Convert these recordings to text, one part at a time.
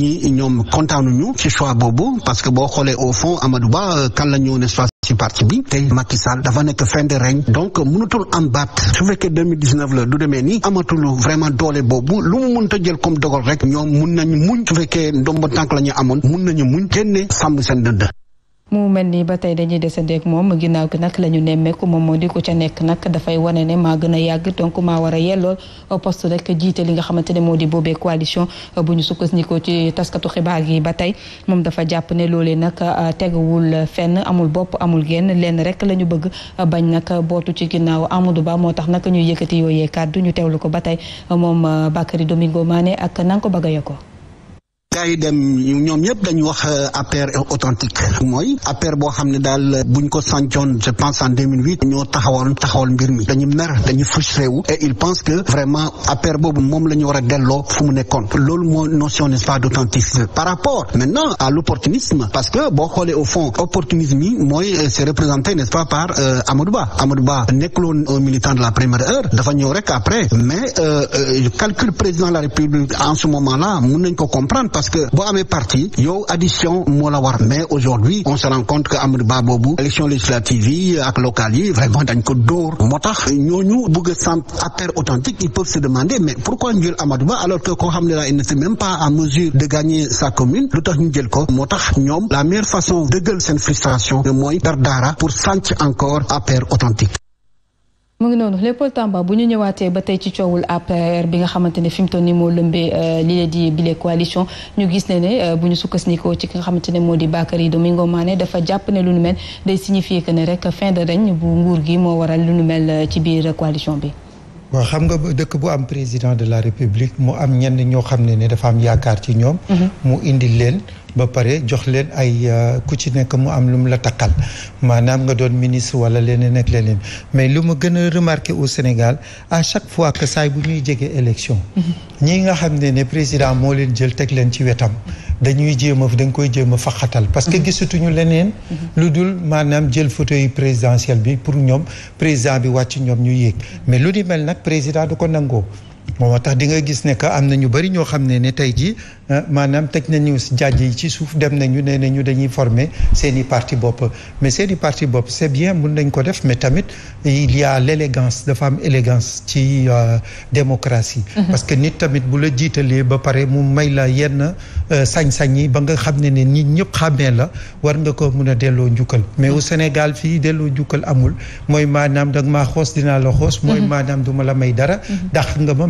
ñi ñoom ñu ci choix boobu parce que boo xoolee au fond Amadou Ba euh, kan la ñëw n'est-ce ci parti bi tey Macky Sall dafa nekk fin de donc munatul am baat su fekkee 2019 la du demee nii amatul vraiment doole boobu lu mu mënta jël comme dogal rek ñoom mun nañu muñ su fekkee ndombo tànk lañu ñu amoon mun nañu muñ génne sàmm seen dënd mu mel nii ba tey dañuy desandeek moom ginnaaw gi nag la ñu nemmeeku moom moo di ko ca nekk nag dafay wane ne maa gën a yàgg donc ma war a yellool poste rek jiite li nga xamante ne moo di boobee coalition bu ñu sukkandikoo ci taskatu xibaar yi ba tey moom dafa jàpp ne loole nag euh, teguwul fenn amul bopp amul génn lenn rek la ñu bëgg bañ nag bootu ci ginnaaw Amadou Ba moo tax naka ñuy yëkkati yooyee kàddu ñu teewlu ko ba tey moom euh, Bakary Domingo Mané ak Nanko Bagayoko gars yi dem ñoom ñëpp dañu wax euh, APR authentique mooy APR boo xam ne daal buñ ko sàncoon je pense en ñoo taxawoon taxawal mbir mi dañu mer dañu frustré wu et il pense que vraiment APR boobu moom la ñu a delloo fu mu nekkoon loolu moo notion n'est-ce pas d'authenticité par rapport maintenant à l'opportunisme parce que boo xoolee au fond opportunisme yi mooy euh, c'est représenté n'est-ce pas par euh, Amadou Ba Amadou Ba nekkuloon de la première heure parce que boo amee parti yow addition moo la war mais aujourd'hui on se rend compte que Amadou Ba boobu élection législative yi ak locale yi vraiment dañ ko dóor moo tax ñooñu bëgg a sant affaire authentique ils peuvent se demander mais pourquoi ñu jël Amadou Ba alors que koo xam ne la il n'était même pas en mesure de gagner sa commune lu tax ñu jël ko moo tax ñoom la meilleure façon dëggal seen frustration mooy per daara pour sanc encore affaire authentique mu ngi noonu Léopold Tamba bu ñu ñëwaatee ba tey ci coowul APR bi nga xamante ne fi mu toll nii moo lëmbee euh, li di bile coalition ñu gis ne ne euh, bu ñu sukkandikoo ci ki nga xamante ne moo di Bakary Domingo Mané dafa jàpp ne lu nu mel day signifier que ne rek fin de règne bu nguur gi moo waral lu nu mel euh, ci biir coalition bi. waaw xam nga dëkk bu am président de la république mu am ñenn ñoo xam ne ne dafa am yaakaar ci ñoom. Mm-hmm. mu indi leen ba pare jox leen ay euh, ku ci nekk mu am lu mu la takkal maanaam nga doon ministre wala leneen ak leneen mais lu ma gën a remarqué au Sénégal à chaque fois que saay bu ñuy jege élection mhm. ñi nga xam ne ne président moo leen jël teg leen ci wetam dañuy jéem a dañ koy jéem a faxatal parce que mhm. ñu leneen mhm. lu dul maanaam jël fauteuil présidentiel bi pour ñoom président bi wàcc ñoom ñu yéeg mais lu di mel nag président du ko nangoo moo tax di nga gis ne que am na ñu bëri ñoo xam ne ne tey jii euh, maanaam teg nañu si jaaj yi ci suuf dem nañu nee ñu dañuy former seeni i parti bopp mais seen i parti bopp c'est bien mun nañ ko def mais tamit il y a l'élégance dafa am élégance ci euh, démocratie mm-hmm. parce que nit tamit bu la jiitalee ba pare mu may la yenn euh, sañ-sañ yi ba nga xam ne ne nit ñëpp xàmmee la war nga ko mun a delloo njukkal mais au mm-hmm. Sénégal fii delloo njukkal amul mooy maanaam da ma maa xoos dinaa la xoos mooy mm-hmm. maanaam du la may dara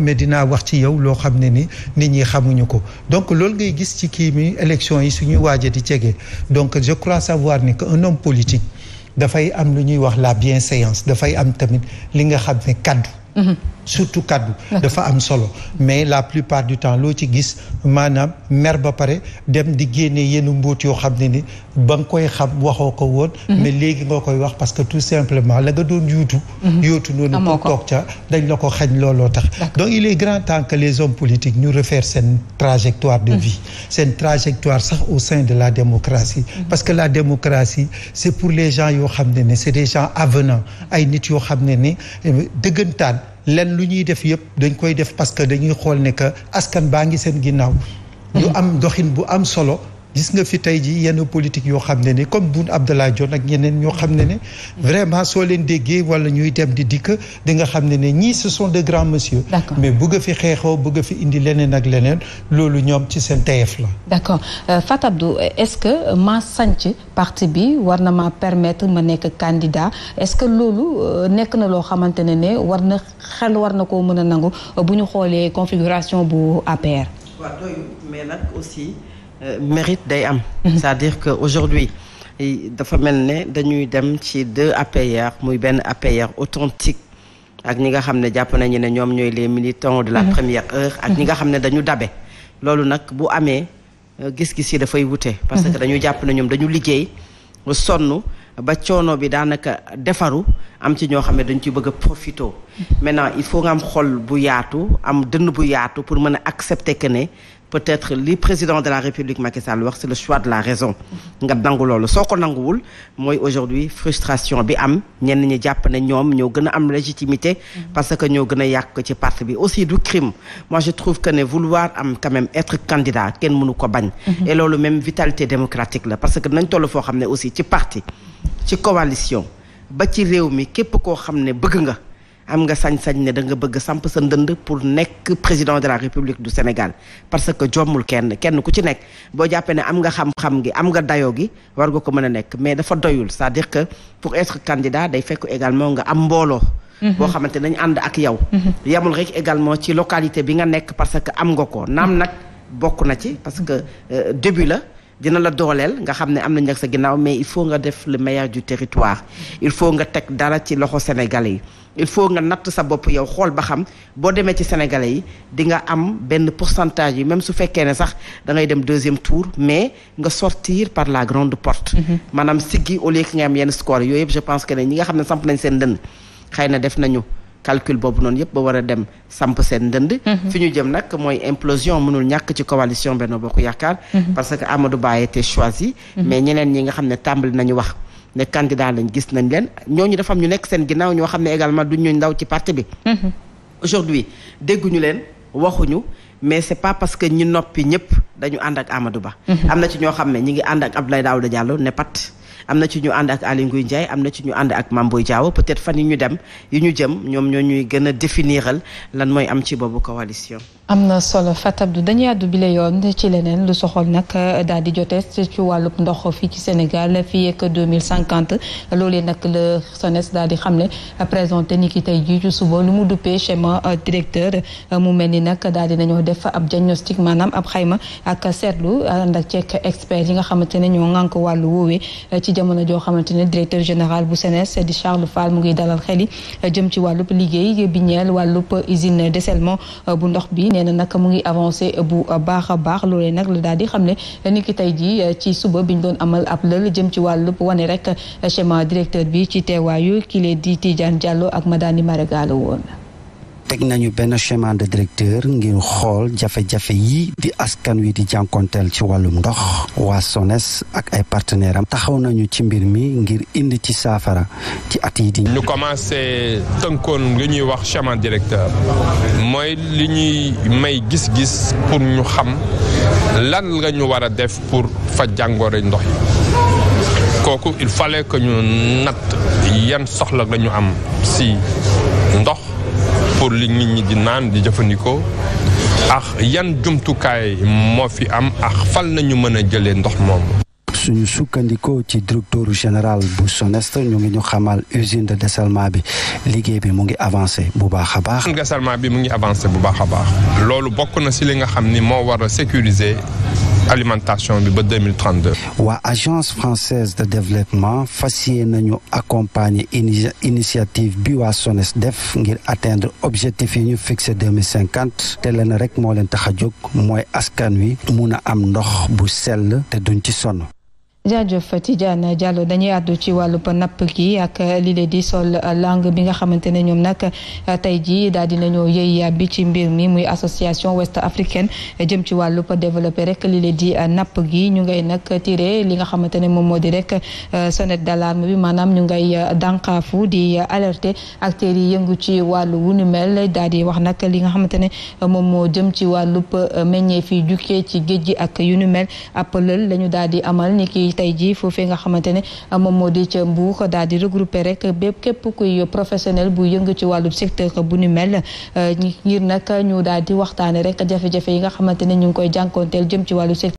mais dinaa wax ci yow loo xam ne ni nit ñi xamuñu ko donc loolu ngay gis ci kii mi élection yi suñu waaje di jege donc je crois savoir ni que un homme politique dafay am lu ñuy wax la bienséance dafay am tamit li nga xam ne kaddu mm-hmm. surtout kaddu dafa am solo mais la plupart du temps loo ci gis maanaam mer ba pare dem di génne yenn mbóot yoo xam ne ni ba nga koy xam waxoo ko woon mhm. mais léegi nga koy wax parce que tout simplement la nga doon yuutu mhm. yootu noonu pour toog ca dañ la ko xañ looloo tax donc il est grand temps les hommes politiques ñu refaire seen trajectoire de mhm. vie seen trajectoire sax au sein de la démocratie parce que la démocratie c'est pour les gens yoo xam ne ne c'est des gens avenants ay nit yoo xam ne ne dëggantaan lenn lu ñuy def yëpp dañ koy def parce que dañuy xool ne que askan baa ngi seen ginnaaw. ñu mhm. am doxin bu am solo. gis nga fi tey ji yenn politique yoo xam ne ne comme Boun Abdallah Dionne ak ñeneen ñoo xam ne ne vraiment soo leen déggee wala ñuy dem di dikk di nga xam ne ne ñii ce sont de grands messieurs mais bugg fi xeexoo bëgg fi indi leneen ak leneen loolu ñoom ci seen tayef la d'accord euh, Fatou Abdou est-ce que ma sanc parti bi war na ma permettre ma nekk candidat est-ce que loolu euh, nekk na loo xamante ne ne war na xel war na koo mën a nangu bu ñu xoolee configuration bu APR waaw Euh, mérite day am mhm. cest dire que aujourd'hui dafa mel ne dañuy dem ci deux APR muy benn APR authentique ak ñi nga xam ne jàpp nañu ne ñoom ñooy les militants de la mhm. première heure ak ñi nga xam ne dañu dabe loolu nag bu amee euh, gis-gis yi dafay wute parce que mhm. dañuy jàpp ne ñoom dañu liggéey sonn ba coono bi daanaka defaru am ci ñoo xam ne dañ ci bëgg a profito maintenant il faut nga xol bu yaatu am dënn bu yaatu pour mën a accepter que peut-être li président de la république Macky Sall wax c'est le choix de la raison nga nangu loolu soo ko nanguwul mooy aujourd'hui frustration bi am ñenn ñi jàpp ñoom ñoo gën a am légitimité parce que ñoo gën a yàq ci parti bi aussi du crime moi je trouve que ne vouloir am quand être candidat kenn mënu ko bañ mhm. et loolu même vitalité démocratique la parce que nañ toll foo xam ne aussi ci parti ci coalition ba ci réew mi képp koo xam ne bëgg am nga sañ-sañ ne da nga bëgg samp sa ndënd pour nekk président de la république du Sénégal parce que jommul kenn kenn ku ci nekk boo jàppee ne am nga xam-xam gi am nga dayoo gi war nga ko mën a nekk mais dafa doyul cest à pour être candidat day fekk également nga am mbooloo. Mhm. boo xamante nañ ànd ak yow. Mhm. yemul également ci localité bi nga nekk parce que am nga ko naam mhm. nag bokk na ci parce que euh, début la. dina la dooleel nga xam ne am nañ ak sa ginnaaw mais il faut nga def le meilleur du territoire il faut nga teg dara ci loxo sénégal yi il faut nga natt sa bopp yow xool ba xam boo demee ci sénégalais yi di nga am benn pourcentage yi même su fekkee ne sax da ngay dem deuxième tour mais nga sortir par la grande porte. Mhm. maanaam siggi au lieu que nga am yenn score yooyu yëpp xam ne samp nañ seen dënn xëy na def nañu. calcul boobu noonu yëpp ba war a dem samp seen ndënd. Mhm. fi ñu jëm nag mooy implosion mënul ñàkk ci coalition Benno Bokk Yaakaar. Mhm. parce que Amadou Ba a été choisi. mais ñeneen ñi nga xam ne tàmbali nañu wax. ne candidat lañ gis nañ leen ñooñu dafa am ñu nekk seen ginnaaw ñoo xam ne également duñ ñu ndaw ci parti bi. Mhm. aujourd'hui dégguñu leen waxuñu mais c'est pas parce que ñi noppi ñëpp dañu ànd ak amadu Ba. Mhm. am na ci ñoo xam ne ñi ngi ànd ak Abdoulaye Daouda Diallo ne pat. am na ci ñu ànd ak Aly Ngouille Ndiaye am na ci ñu ànd ak Mame Boye Diao peut-être fan yi ñu dem yi ñu jëm ñoom ñoo ñuy gën a définiral lan mooy am ci boobu coalition. am na solo Fatou Abdou dañuy àddu bi yoon ci leneen lu soxol nag euh, daal di jotee ci wàllub ndox fii ci Sénégal fii ak 2050 loolee nag la SONES daal di xam ne présenté ni ki jii ci suba lu mu duppee schéma euh, directeur euh, mu mel ni nag daal di nañoo def ab diagnostic maanaam ab xayma ak seetlu ànd ak ceek experts yi nga xamante ne ñoo ŋànk wàllu woowee ci jamono joo xamante ne directeur général bu SONES di Charles Fall mu ngi dalal xel yi jëm ci wàllu liggéey bi ñeel wàllub usine dessalement ndox nee nag mu ngi avancé bu baax a baax loolee nag la daal di xam ne ni ki tey jii ci suba bi ñu doon amal ab lël jëm ci wàllub wane rek schéma directeur bi ci teewaayu kile di Tidiane Diallo ak Madani Marega la woon. teg nañu benn schéma de directeur ngir xool jafe-jafe yi di askan wi di jànkonteel ci wàllum ndox waa SONES ak ay partenaire am taxaw nañu ci mbir mi ngir indi ci saafara ci at yi di ñu commencé tënkoon li ñuy wax schéma directeur mooy li ñuy may gis-gis pour ñu xam lan nga ñu war a def pour fa jàngoro ndox yi kooku il fallait que ñu natt yan soxla la ñu am si ndox pour li nit ñi di naan di jëfandikoo ax yan jumtukaay moo fi am ak fal nañu mën a jëlee ndox moomu. suñu sukkandikoo ci directeur général bu SONES ñu ngi ñu xamal usine de dessalement bi liggéey bi mu ngi avancé bu baax a baax. dessalement bi mu ngi avancé bu baax a baax. loolu bokk na si li nga xam ni moo war a sécuriser. alimentation bi ba 2032. waa agence française de développement fas yéene nañu accompagner initiative bi waa SONES def ngir atteindre objectif yi ñu fixé 2050 te leen rek moo leen tax a jóg mooy askan wi mun a am ndox bu sell te duñ ci sonn. jaajëf Tidiane Diallo dañuy addu ci wàllub napp gi ak lile di sol langue bi nga xamante ne ñoom nag tey jii daal di nañoo yëy yàbbi ci mbir mi muy association ouest africaine jëm ci wàllub développé rek lile di napp gi ñu ngay nag tiré li nga xamante ne moom moo di rek sonnette d'alarme wi maanaam ñu ngay dànkaafu di alerter acteurs yi yëngu ci wàllu wu nu mel daal di wax nag li nga xamante ne moom moo jëm ci wàllub meññee fi jukkee ci géej gi ak yu nu mel appelal daal di amal tey jii foofee nga xamante ne ah, moom moo di ca Mbour daal di regrouper rek bépp képp kuy professionnel buy yëngu ci wàllu secteur bu ni mel ah, ngir nag ñu daal di waxtaane rek jafe-jafe yi nga xamante ne ñu ngi koy jànkoonteel jëm ci wàllu secteur